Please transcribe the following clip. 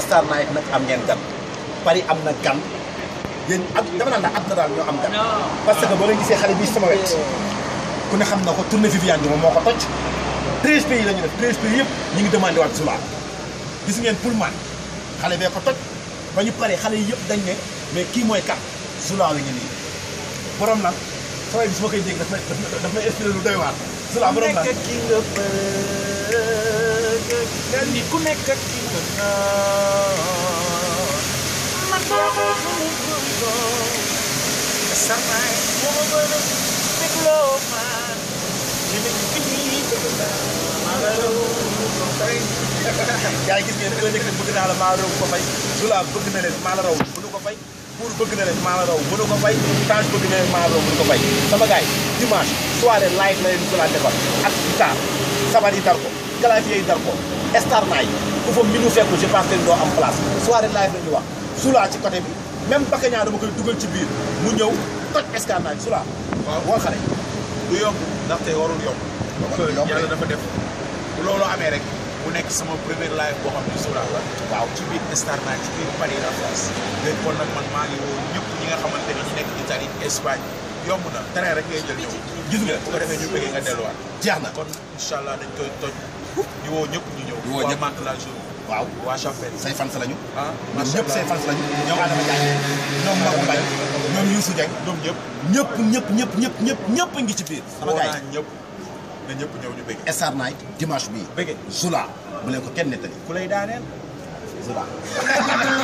star night nag am ngeen gan Paris am na gan yéen ak dama naan daal ak daal ñoo am gan parce que boo leen gisee xale bii sama wet ku ne xam na ko tournée Viviane bi moom moo ko toj treize pays la ñu def treize pays yëpp ñu ngi demandé waat Zula gis ngeen Pullman xale bee ko toj ba ñu paree xale dañ ne mais kii mooy kan Zula la ñu nii borom nag sama bi su koy dégg daf may inspiré lu doy waar Zula borom nag daal di ku nekk ak ci man maa ko samay moo gën a dégloo man li nekk fii dëgg naa maa la raw ko fay yaa gis ngeen ko nekk bëgg naa la maa raw ko fay Zula bëgg na leen maa la raw mënu ko fay pour bëgg na leen maa la raw mënu ko fay Tange bëgg na leen maa la raw mënu ko fay sama gars yi dimanche soirée live la leen Zula defal ak guitare sabar yi tar ko clavier yi dal ko star naay ku fa ñu fekku je pense que doo am place soirée live la ñu wax Soula ci côté bi même Bakaña dama koy dugal ci biir mu ñëw toj star naay Soula waaw wal xale du yomb ndaxte warul yomb donc yàlla dafa def bu loolu amee rek mu nekk sama premier live boo xam ne Soula la waaw ci biir star naay ci biir Paris la France léegi kon nag man maa ngi woo ñëpp ñi nga xamante ne ñu nekk Italie Espagne yomb na terrain rek ngay jël ñëw gis nga bu ko defee ñu bëggee nga delluwaat jeex dañ koy toj di woo ñëpp ñu ñëw. di woo ñëpp waa Mantes waaw waa Champel. say fans lañu. ah macha allah ñëpp say fans lañu. ñoom Adama Ndiaye ñoom Maodo Mbaye ñoom Youssou Dieng ñoom ñëpp. ñëpp ñëpp ñëpp ñëpp ñëpp ñëpp a ngi ci biir. sama gars yi ñëpp na ñëpp ñëw ñu bëgg. Star Night dimanche bii. bëgg Zula bu leen ko kenn nettali. ku lay daaneel Zula.